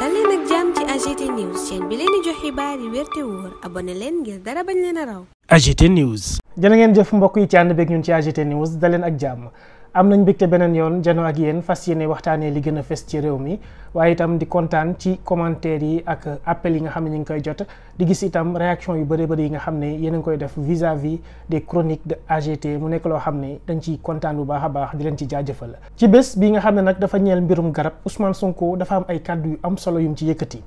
dal leen ak jàmm ci AGT News chaîne bi leen di jox xibaar yi wér te wóor abonné leen ngir dara bañ leen a raw. AGT News. jërë ngeen jëf mbokk yi ci ànd beeg ci AGT News dal leen ak jàmm. am nañ mbégte beneen yoon jano ak yéen fas yéene waxtaanee li gën a fes ci réew mi waaye itam di kontaan ci commentaire yi ak appel yi nga xam ne ñu ngi koy jot di gis itam réaction yu bëri bëri yi nga xam ne yéen a ngi koy def vis-à-vis des chroniques de AGT mu nekk loo xam ne dañ ciy kontaan bu baax a baax di leen ci jaajëfal. ci bés bi nga xam ne nag dafa ñeel mbirum garab Ousmane Sonko dafa am ay kàddu yu am solo yu mu ci yëkkati.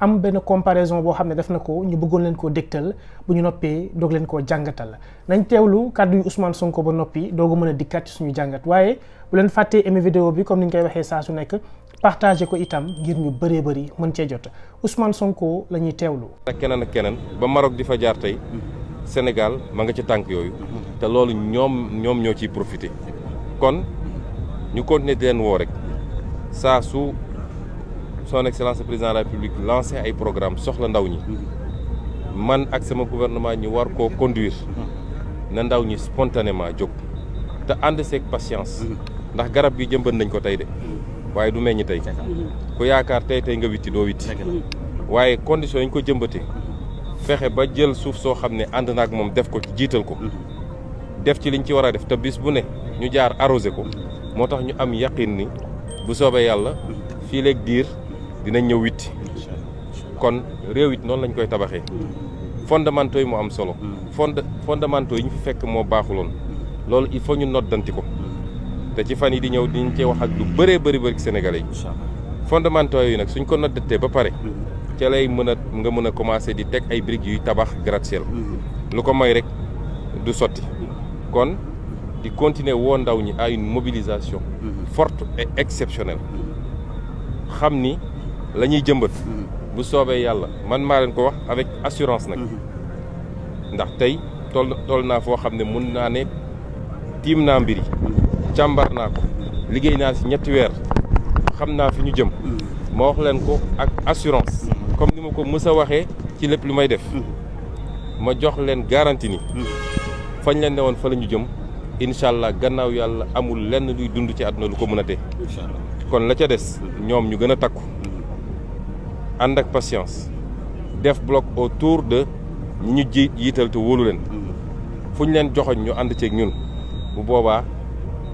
am benn comparaison boo xam ne def na ko ñu bëggoon leen koo dégtal bu ñu noppee doog leen koo jàngatal nañ teewlu kàddu yu Ousmane Sonko ba noppi doogu mën a dikkat suñu jàngat waaye bu leen fàttee aimé vidéo bi comme ni ñu koy waxee saa su nekk partagé ko itam ngir ñu bëree bëri mën cee jot Ousmane Sonko la ñuy teewlu. ak keneen ak keneen ba Maroc di fa jaar tey Sénégal ma nga ci tànk yooyu te loolu ñoom ñoom ñoo ciy profité kon ñu continuer di leen woo rek su. son excellence président de la république lancé ay programme soxla ndaw ñi man ak sama gouvernement ñu war koo conduire na ndaw ñi spontanément jóg te ànd seeg patience ndax garab gi jëmbat nañ ko tey de waaye du meññ tey ku yaakaar tey tey nga witti doo witti waaye condition yi ñu ko jëmbatee fexe ba jël suuf soo xam ne ànd ak moom def ko jiital ko def ci liñ ci war a def te bis bu ne ñu jaar arrosé ko moo tax ñu am yaqin ni bu soobee yàlla fii leeg diir dinañ ñëw witti kon réew it noonu lañ koy tabaxee fondamentaux yi mu am solo fond fondamentaux yi ñu fi fekk moo baaxuloon loolu il faut ñu noddanti ko te ci fan yi di ñëw dinañ cee wax ak lu bëree bëri bëri Sénégalais yi fondamentaux yooyu nag suñ ko noddatee ba pare ca lay mën a nga mën a commencé di teg ay briques yuy tabax gratte-ciel lu ko may rek du sotti kon di continuer woo ndaw ñi ay une mobilisation mm-hmm. forte et exceptionnelle xam ni la ñuy jëmbat mm-hmm. bu soobee yàlla man maa leen ko wax avec assurance nag mm-hmm. ndax tey tool tool naa foo xam ne mun naa ne tiim naa mbir yi mm-hmm. càmbar naa ko liggéey naa si ñetti weer xam naa fi ñu jëm ma wax leen ko ak assurance comme ni ma ko mës a waxee ci lépp lu may def ma jox leen garantie ni fañ leen ne woon fa la ñu jëm incha allah gannaaw yàlla amul lenn luy dund ci àdduna lu ko mën a dee kon la ca des ñoom ñu gën a takku ànd ak patience def bloc autour de ñi ñu ji jiital te wóolu leen fu ñu leen joxoñ ñu ànd ceeg ñun bu boobaa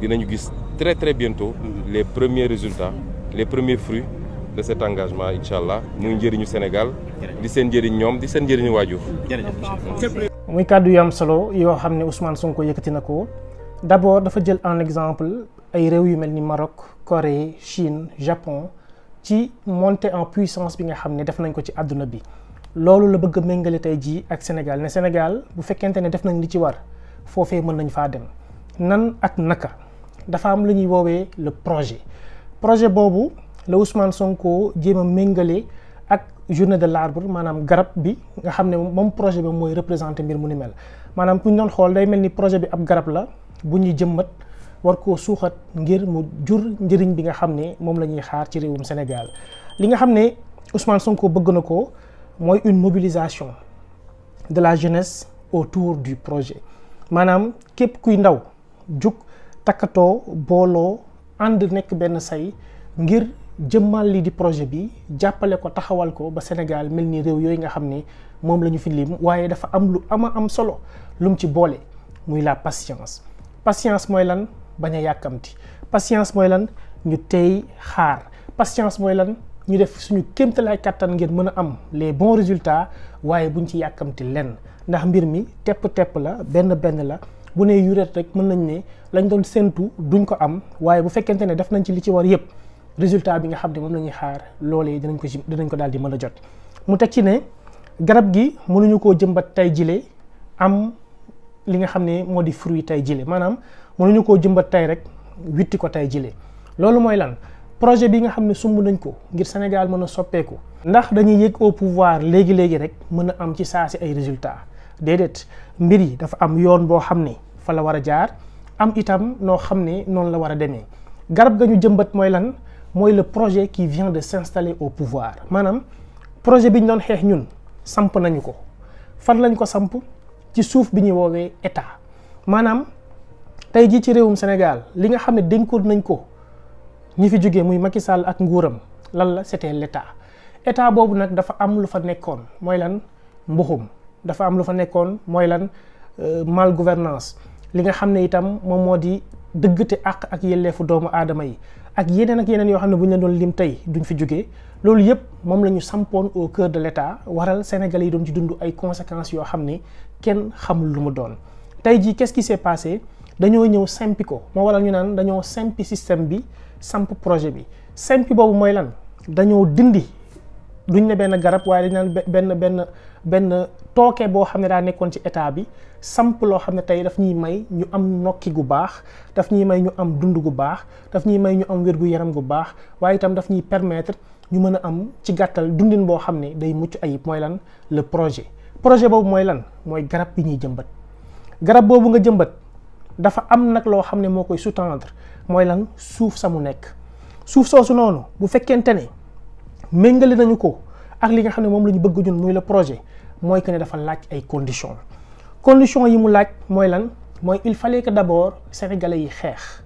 dinañu gis très très bientôt les premiers résultats les premiers fruits de cet engagement incha allah muy njëriñu Sénégal di seen njëriñ ñoom di seen njëriñu waajur muy kàddu yu solo yoo xam ne Ousmane Sonko yëkkati na ko d'abord dafa jël en exemple ay réew yu mel ni Maroc Corée Chine Japon ci montée en puissance bi nga xam ne def nañ ko ci àdduna bi loolu la bëgg a méngale tey jii ak Sénégal ne Sénégal bu fekkente ne def nañ li ci war foofee mën nañ faa dem nan ak naka dafa am lu ñuy woowee le projet projet boobu la Ousmane Sonko jéem a méngale ak journée de l'arbre maanaam garab bi nga xam ne moom projet bi mooy représenter mbir mu ni mel maanaam bu ñu doon xool day mel ni projet bi ab garab la bu ñuy jëmmat war koo suuxat ngir mu jur njëriñ bi nga xam ne moom la ñuy xaar ci réewum Sénégal li nga xam ne Ousmane ko bëgg na ko mooy une mobilisation de la jeunesse autour du projet maanaam képp kuy ndaw jug takkatoo booloo ànd nekk benn say ngir jëmmal li di projet bi jàppale ko taxawal ko ba Sénégal mel ni réew yooyu nga xam ne moom la ñu fi lim waaye dafa am lu ama am solo lu mu ci boole muy la patience patience mooy lan bañ a yàkkamti patience mooy lan ñu tey xaar patience mooy lan ñu def suñu kéemtalaay kàttan ngir mën a am les bons résultat waaye buñ ci yàkkamti lenn ndax mbir mi tepp-tepp la benn benn la bu nee yuret rek mën nañ ne lañ doon séntu duñ ko am waaye bu fekkente ne def nañ ci li ci war yëpp résultat bi nga xam ne moom la xaar loolee danañ ko ci danañ ko daal di mën a jot mu teg ci ne garab gi mënuñu koo jëmbat tay jile am li nga xam ne moo di fruit tay jile maanaam mënuñu ko jëmbat tey rek witti ko tey jile loolu mooy lan projet bi nga xam ne sumb nañ ko ngir Sénégal mën a soppeeku. ndax dañuy yëg au pouvoir léegi léegi rek mën a am ci saa si ay résultats déedéet mbir yi dafa am yoon boo xam ne fa la war a jaar am itam noo xam ne noonu la war a demee garab ga ñu jëmbat mooy lan mooy le projet qui vient de s'installer au pouvoir maanaam projet bi ñu doon xeex ñun samp nañu ko fan lañ ko samp ci suuf bi ñuy woowee état maanaam. tey jii ci réewum Sénégal li nga xam ne dénkoon nañ ko ñi fi jógee muy Macky Sall ak nguuram lan la c'était l'état état boobu nag dafa am lu fa nekkoon mooy lan mbuxum dafa am lu fa nekkoon mooy lan euh, mal gouvernance li nga xam ne itam moom moo di dëggte àq ak yelleefu doomu aadama yi ak yeneen ak yeneen yoo xam ne bu ñu la doon lim tey duñ fi jógee loolu yëpp moom la ñu sampoon au cœur de l'état waral sénégal yi doon ci dundu ay conséquences yoo xam ne kenn xamul lu mu doon tey jii qu'est-ce qui dañoo ñëw simpi ko moo waral ñu naan dañoo simpi système bi samp projet bi simpi boobu mooy lan dañoo dindi duñ ne benn garab waaye dañ naan benn benn benn tooke boo xam ne daa nekkoon ci état bi samp loo xam ne tey daf ñuy may ñu am nokki gu baax daf ñuy may ñu am dund gu baax daf ñuy may ñu am wér gu yaram gu baax waaye itam daf ñuy permettre ñu mën a am ci gàttal dundin boo xam ne day mucc ayib mooy lan le projet projet boobu mooy lan mooy garab bi ñuy jëmbat garab boobu nga jëmbat dafa am nag loo xam ne moo koy sous-tendre mooy lan suuf sa mu nekk suuf soosu noonu bu fekkente ne méngale nañu ko ak li nga xam ne moom la ñu bëgg ñun muy la projet mooy que ne dafa laaj ay conditions conditions yi mu laaj mooy lan mooy il fallait que d'abord sénégalais yi xeex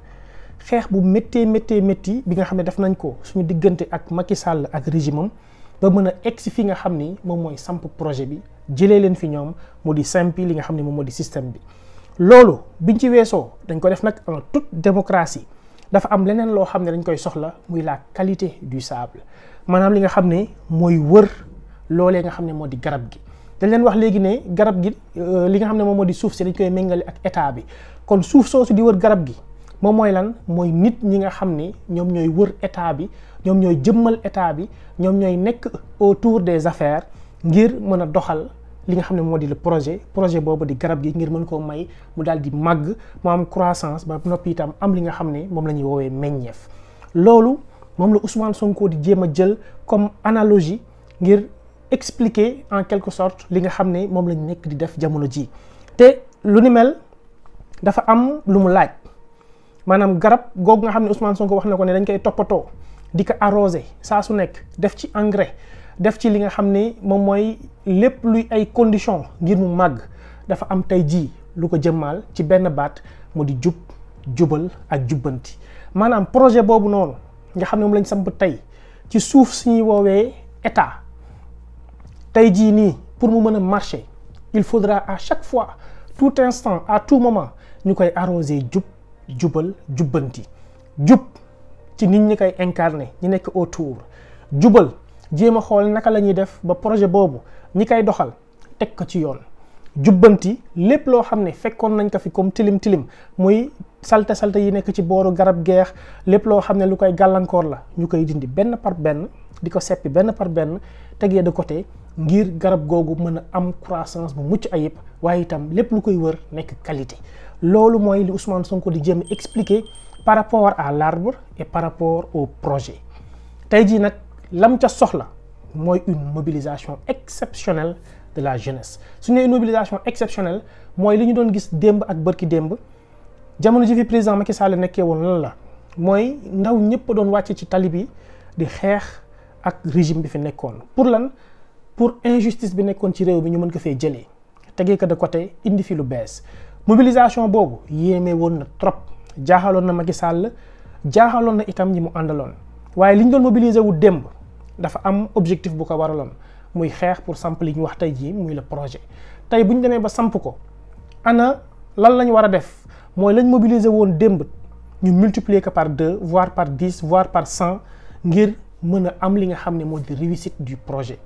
xeex bu méttee méttee métti bi nga xam ne def nañ ko suñu diggante ak Macky sàll ak régime am ba mën a egsi fii nga xam ni moom mooy samp projet bi jëlee leen fi ñoom mu di sempi li nga xam ne moom moo di système bi. loolu biñ ci weesoo dañ ko def nag en toute démocratie dafa am leneen loo xam ne dañ koy soxla muy la qualité du sable maanaam li nga xam ne mooy wër loole nga xam ne moo di garab gi dañ leen wax léegi ne garab gi euh, li nga xam ne moom moo di suuf si dañ koy méngale ak état bi kon suuf soosu di wër garab gi moom mooy lan mooy nit ñi nga xam ne ñoom ñooy wër état bi ñoom ñooy jëmmal état bi ñoom ñooy nekk autour des affaires ngir mën a doxal li nga xam ne moo di le projet projet boobu di garab gi ngir mën koo may mu daal di màgg mu am croissance ba noppi itam am li nga xam ne moom la ñuy woowee meññeef loolu moom la Ousmane Sonko di jéem a jël comme analogie ngir expliquer en quelque sorte li nga xam ne moom lañ nekk di def jamono jii te lu ni mel dafa am lu mu laaj maanaam garab googu nga xam ne Ousmane Sonko wax na ko ne dañ koy toppatoo di ko arrosé saa su nekk def ci engrais def ci li nga xam ni moom mooy lépp luy ay conditions ngir mu màgg dafa am tey jii lu ko jëmmaal ci benn baat mu di jub jubal ak jubbanti maanaam projet boobu noonu nga xam ne moom lañ samp tey ci suuf si ñuy woowee état tey jii nii pour mu mën a marcher il faudra à chaque fois tout instant à tout moment ñu koy arroser jub jubal jubbanti jub ci nit ñi koy incarner ñi nekk autour jubal jéem a xool naka la ñuy def ba projet boobu ñi koy doxal teg ko ci yoon jubbanti lépp loo xam ne fekkoon nañ ko fi comme tilim tilim muy salte salte yi nekk ci booru garab geex lépp loo xam ne lu koy gàllankoor la ñu koy dindi benn par benn di ko seppi benn par benn tegee de côté ngir garab googu mën a am croissance bu mucc ayib waaye itam lépp lu koy wër nekk qualité loolu mooy li Ousmane Sonko di jéem expliquer par rapport à l'arbre et par rapport au projet lam ca soxla mooy une mobilisation exceptionnelle de la jeunesse su ñu nee une mobilisation exceptionnelle mooy li ñu doon gis démb ak bërki démb jamono ji fi président Macky Sall nekkee woon lan la mooy ndaw ñëpp doon wàcce ci tali bi di xeex ak régime bi fi nekkoon pour lan pour injustice bi nekkoon ci réew bi ñu mën ko fee jëlee tegee ko de côté indi fi lu bees mobilisation boobu yéeme woon na trop jaaxaloon na Macky Sall jaaxaloon na itam ñi mu àndaloon waaye li ñu doon mobiliser wu démb. dafa am objectif bu ko waraloon muy xeex pour samp li ñu wax tey jii muy la projet tey bu ñu demee ba samp ko ana lan lañ war a def mooy lañ mobiliser woon démb ñu multiplier ko par deux voire par dix voire par cent ngir mën a am li nga xam ne moo di réussite du projet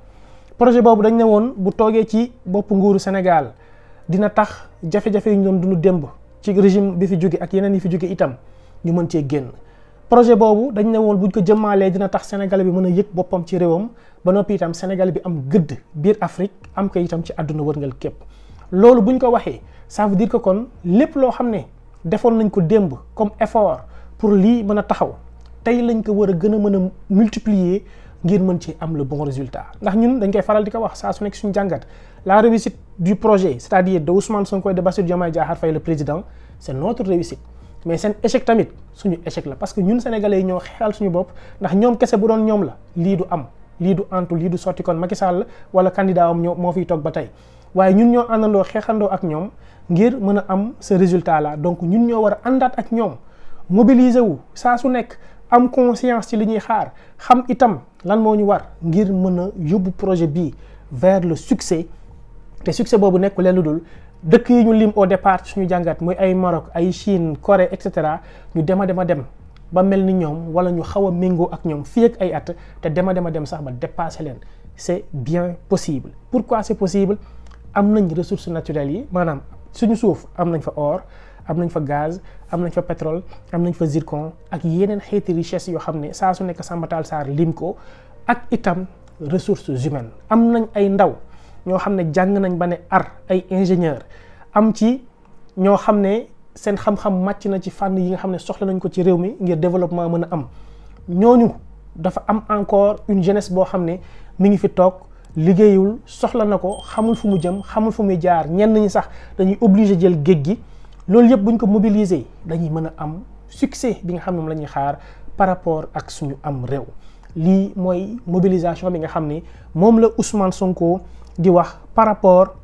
projet boobu dañ ne woon bu toogee ci bopp nguuru Sénégal dina tax jafe-jafe yu ñu doon dund démb ci régime bi fi jóge ak yeneen yi fi jóge itam ñu mën cee génn projet boobu dañ ne woon buñ ko jëmaalee dina tax Sénégal bi mën a yëg boppam ci réewam ba noppi itam Sénégal bi am gëdd biir Afrique am ko itam ci àdduna wërngal képp loolu buñ ko waxee ça veut dire kon lépp loo xam ne defoon nañ ko démb comme effort pour lii mën a taxaw tey lañ ko war a gën a mën a multiplier ngir mën ci am le bon résultat ndax ñun dañ koy faral di ko wax saa su nekk suñu jàngat la réussite du projet c'est-à-dire de Ousmane Sonko et de Bassirou Diomaye Diakhar Faye le président c'est notre réussite mais seen échec tamit suñu échec la parce que ñun sénégalais ñoo xeexal suñu bopp ndax ñoom kese bu doon ñoom la lii du am lii du antu lii du sotti kon Macky Sall wala candidat am ñoo moo fiy toog ba tey waaye ñun ñoo àndandoo xeexandoo ak ñoom ngir mën a am ce résultat la donc ñun ñoo war a àndaat ak ñoom mobiliser wu saa su nekk am conscience ci li ñuy xaar xam itam lan moo ñu war ngir mën a yóbbu projet bii vers le succès te succès boobu nekk leen lu dul dëkk yi ñu lim au départ suñu jàngat mooy ay Maroc ay Chine Corée et cetera ñu dem a dem a dem ba mel ni ñoom wala ñu xaw a méngoo ak ñoom fii ak ay at te dema a dem a dem sax ba dépassé leen c'est bien possible. pourquoi c'est possible am nañ ressources naturelles yi maanaam suñu suuf am nañ fa or am nañ fa gaz am nañ fa pétrole am nañ fa zircon ak yeneen xeeti richesse yoo xam ne saa su nekk Samba Tall Sarr lim ko ak itam ressources humaines am nañ ay ndaw. ñoo xam ne jàng nañ ba ne ar ay ingénieur am ci ñoo xam ne seen xam-xam màcc na ci fànn yi nga xam ne soxla nañ ko ci réew mi ngir développement mën a am ñooñu dafa am encore une jeunesse boo xam ne mi ngi fi toog liggéeyul soxla na ko xamul fu mu jëm xamul fu muy jaar ñenn ñi sax dañuy obligé jël géej gi loolu yëpp buñ ko mobiliser dañuy mën a am succès bi nga xam ne moom la ñuy xaar par rapport ak suñu am réew lii mooy mobilisation bi nga xam ne moom la Ousmane Sonko. di wax par rapport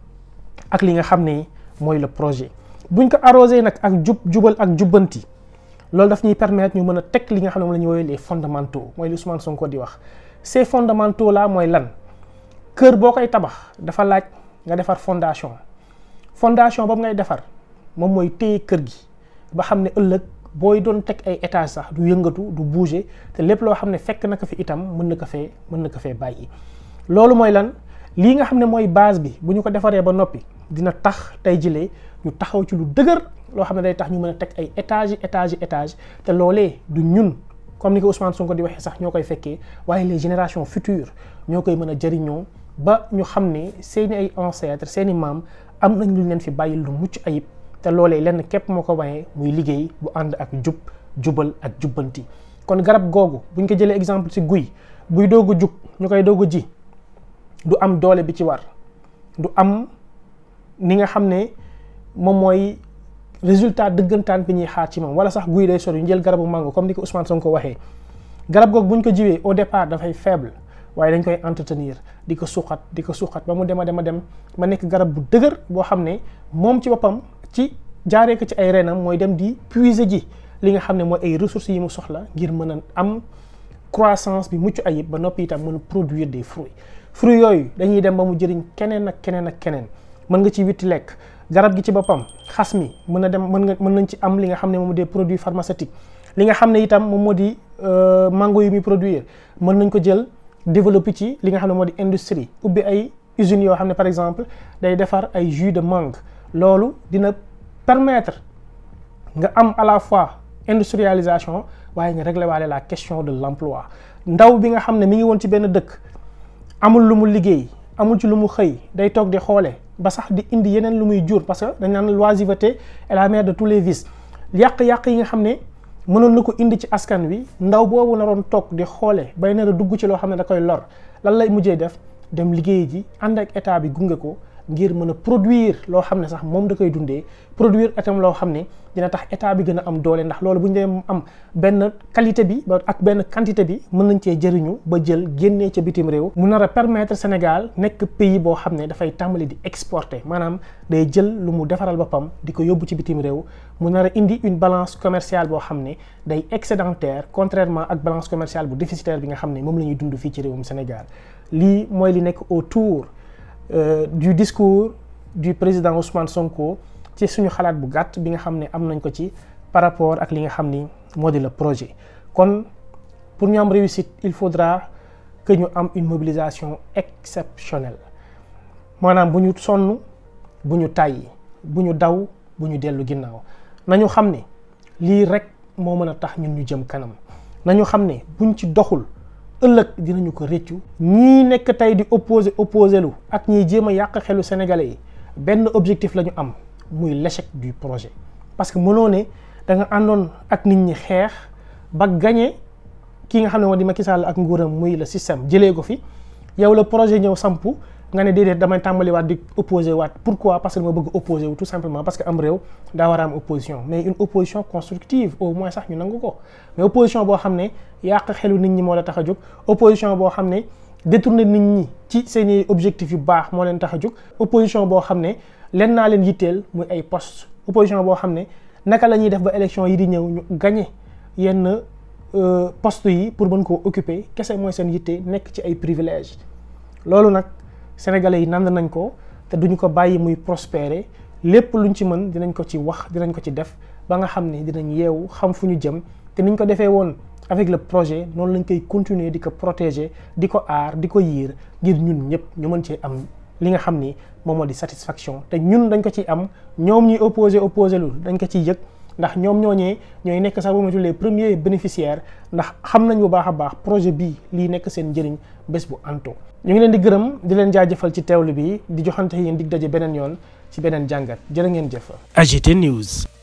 ak li nga xam ne mooy le projet buñ ko arrosé nag ak jub jubal ak jubbanti loolu daf ñuy permettre ñu mën a teg li nga xam ne moom la ñuy woowee les fondamentaux mooy li Ousmane Sonko di wax ces fondamentaux là mooy lan kër boo koy tabax dafa laaj nga defar fondation fondation boobu ngay defar moom mooy téye kër gi ba xam ne ëllëg booy doon teg ay étage sax du yëngatu du bouger te lépp loo xam ne fekk na ko fi itam mën na ko fee mën na ko fee bàyyi loolu lii nga xam ne mooy base bi bu ñu ko defaree ba noppi dina tax tey jilee ñu taxaw ci lu dëgër loo xam ne day tax ñu mën a teg ay étage étage étage te loolee du ñun comme ni ko Ousmane ko di waxee sax ñoo koy fekkee waaye les génération futures ñoo koy mën a jëriñoo ba ñu xam ne seeni ay ancêtre seeni maam am nañ lu leen fi bàyyi lu mucc ayib te loolee lenn képp moo ko waye muy liggéey bu ànd ak jub jubal ak jubbanti kon garab googu buñ ko jëlee exemple ci guy buy doog a jug ñu koy doog a ji du am doole bi ci war du am ni nga xam ne moom mooy résultat dëggantaan bi ñuy xaar ci moom wala sax guy day sol yu njël garabu mango comme ni ko nga ko waxee garab goog bu ñu ko jiwee au départ dafay faible waaye dañ koy entretenir di ko suuxat di ko suuxat ba mu dem a dem dem ba nekk garab bu dëgër boo xam ne moom ci boppam ci jaaree ko ci ay reenam mooy dem di puiser ji li nga xam ne mooy ay ressources yi mu soxla ngir mën a am. croissance bi mucc ayib ba noppi itam mën a produire des fruits fruits yooyu dañuy dem ba mu jëriñ keneen ak keneen ak keneen mën nga ci witti lekk garab gi ci boppam xas mi mën a dem mën nga mën nañ ci am li nga xam ne moom de produit pharmaceutiques li nga xam ne itam moom moo di euh, mango yi muy produir mën nañ ko jël développer ci li nga xam ne moo di industrie ubbi ay usines yoo xam ne par exemple day defar ay jus de mang loolu dina permettre nga am à la fois industrialisation waaye nga régler waale la question de l'emploi ndaw bi nga xam ne mu ngi woon ci benn dëkk amul lu mu liggéey amul ci lu mu xëy day toog di xoole ba sax di indi yeneen lu muy jur parce que dañ naan l'oisiveté est la de tous les vices yàq-yàq yi nga xam ne mënoon na ko indi ci askan wi ndaw boobu naroon toog di xoole bay nar a dugg ci loo xam ne da koy lor lan lay mujjee def dem liggéey ji ànd ak état bi gunge ko ngir mën a produire loo xam ne sax moom da koy dundee produire itam loo xam ne dina tax état bi gën a am doole ndax loolu bu ñu dee am benn qualité bi ak benn quantité bi mën nañ cee jëriñu ba jël génnee ca bitim réew. mu nar a permettre Sénégal nekk pays boo xam ne dafay tàmbali di exporté maanaam day jël lu mu defaral boppam di ko yóbbu ci bitim réew mu nar a indi une balance commerciale boo xam ne day excédentaire contrairement ak balance commerciale bu déficitaire bi nga xam ne moom la ñuy dund fii ci réewum Sénégal lii mooy li nekk autour Euh, du discours du président Ousmane Sonko ci suñu xalaat bu gàtt bi nga xam ne am nañ ko ci par rapport ak li nga xam ni moo di le projet kon pour ñu am réussite il faudra que ñu am une mobilisation exceptionnelle maanaam bu ñu sonn bu ñu tàyyi bu ñu daw bu ñu dellu ginnaaw nañu xam ne lii rek moo mën a tax ñun ñu jëm kanam nañu xam ne buñ ci doxul ëllëg dinañu ko rëccu ñii nekk tey di opposé opposé lu ak ñiy jéem a yàq xelu sénégalais yi benn objectif la ñu am muy l'échec du projet parce que mënoo ne da nga àndoon ak nit ñi xeex ba gañe ki nga xam ne moo di ma Sall ak nguuram muy la système jëlee ko fi yow la projet ñëw sampu nga ne déedéet damay tàmbaliwaat di opposé waat pourquoi parce que dama bëgg opposé wu tout simplement parce que am réew daa war a am opposition mais une opposition constructive au moins sax ñu nangu ko mais opposition boo xam ne yàq xelu nit ñi moo la tax a jóg opposition boo xam ne détourné nit ñi ci seeni objectif yu baax moo leen tax a jóg opposition boo xam ne leen naa leen yitteel muy ay post opposition boo xam ne naka la ñuy def ba élection yi di ñëw ñu gagné yenn euh, poste yi pour mën koo occuper kese mooy seen yitte nekk ci ay privilège loolu nag sénégalais yi nand nañ ko te duñu ko bàyyi muy prospérer lépp lu luñ ci mën dinañ ko ci wax dinañ ko ci def ba nga xam ni dinañ yeewu xam fu ñu jëm te niñ ko defee woon avec le projet noonu lañ koy continuer di ko protéger di ko aar di ko yiir ngir ñun ñëpp ñu mën cee am li nga xam ni moom moo di satisfaction te ñun dañ ko ciy am ñoom ñuy opposé opposé lu dañ ko ciy yëg ndax ñoom ñooñee ñooy nekk sax bu ma les premiers bénéficiaires ndax xam nañ bu baax a baax projet bii lii nekk seen njëriñ bés bu anto ñu ngi leen di gërëm di leen jaajëfal ci teewlu bi di joxante yéen dig daje beneen yoon ci beneen jàngat jërë ngeen jëf AGT News